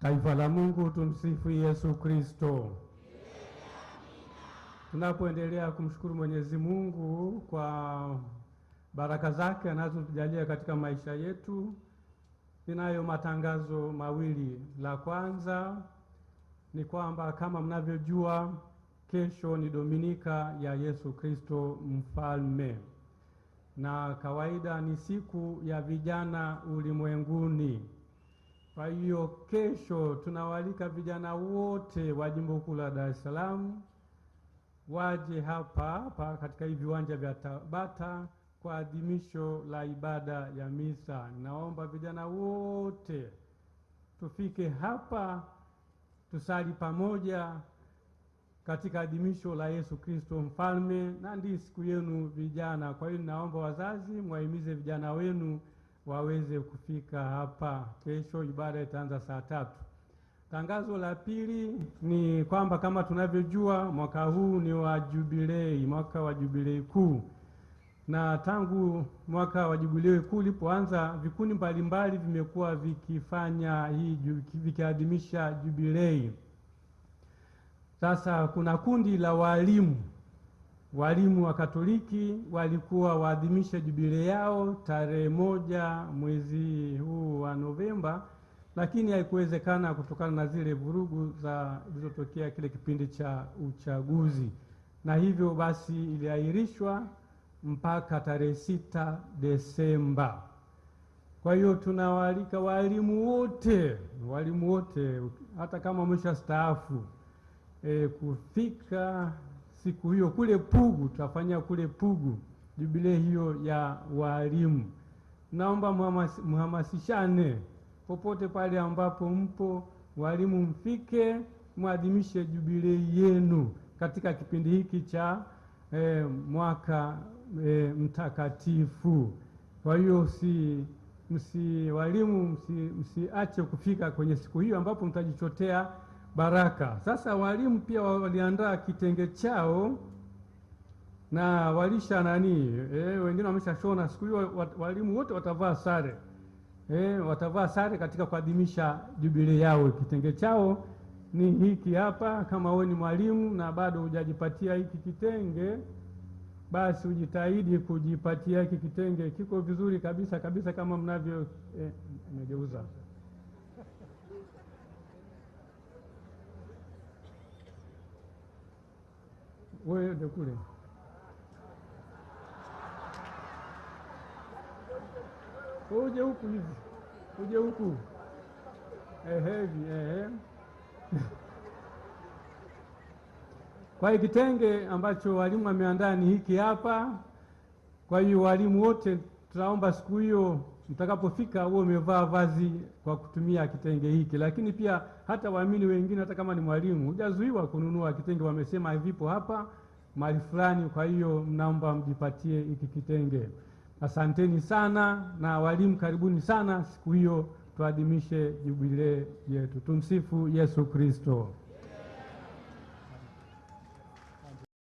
Taifa la Mungu, tumsifu Yesu Kristo. Tunapoendelea kumshukuru Mwenyezi Mungu kwa baraka zake anazotujalia katika maisha yetu, ninayo matangazo mawili. La kwanza ni kwamba kama mnavyojua, kesho ni Dominika ya Yesu Kristo Mfalme, na kawaida ni siku ya vijana ulimwenguni kwa hiyo kesho tunawaalika vijana wote wa Jimbo Kuu la Dar es Salaam waje hapa hapa katika hivi viwanja vya Tabata kwa adhimisho la ibada ya misa. Naomba vijana wote tufike hapa tusali pamoja katika adhimisho la Yesu Kristo Mfalme, na ndiyo siku yenu vijana. Kwa hiyo ninaomba wazazi mwahimize vijana wenu waweze kufika hapa kesho. Ibada itaanza saa tatu. Tangazo la pili ni kwamba kama tunavyojua, mwaka huu ni wa jubilei, mwaka wa jubilei kuu, na tangu mwaka wa jubilei kuu ulipoanza, vikundi mbalimbali vimekuwa vikifanya hii, vikiadhimisha jubilei. Sasa kuna kundi la walimu walimu wa Katoliki walikuwa waadhimisha jubile yao tarehe moja mwezi huu wa Novemba, lakini haikuwezekana kutokana na zile vurugu za zilizotokea kile kipindi cha uchaguzi, na hivyo basi iliahirishwa mpaka tarehe sita Desemba. Kwa hiyo tunawaalika walimu wote, walimu wote hata kama wameshastaafu e, kufika siku hiyo kule Pugu, tutafanya kule Pugu jubilei hiyo ya walimu. Naomba mhamasishane popote pale ambapo mpo, walimu mfike, mwadhimishe jubilei yenu katika kipindi hiki cha e, mwaka e, mtakatifu. Kwa hiyo si msi walimu msiache msi kufika kwenye siku hiyo ambapo mtajichotea baraka. Sasa walimu pia waliandaa kitenge chao na walisha nani e, wengine wameshashona. Siku hiyo walimu wote watavaa sare e, watavaa sare katika kuadhimisha jubilei yao. Kitenge chao ni hiki hapa. Kama wewe ni mwalimu na bado hujajipatia hiki kitenge, basi ujitahidi kujipatia hiki kitenge. Kiko vizuri kabisa kabisa, kama mnavyo e, eh, megeuza wewe ndio kule uje huku hivi, uje huku hivi ehe. Kwa hiyo kitenge ambacho walimu wameandaa ni hiki hapa. Kwa hiyo walimu wote tunaomba siku hiyo mtakapofika huwe umevaa vazi kwa kutumia kitenge hiki. Lakini pia hata waamini wengine, hata kama ni mwalimu, hujazuiwa kununua kitenge, wamesema hivipo hapa mahali fulani, kwa hiyo mnaomba mjipatie hiki kitenge. Asanteni sana, na walimu karibuni sana siku hiyo, tuadhimishe jubilee yetu. Tumsifu Yesu Kristo.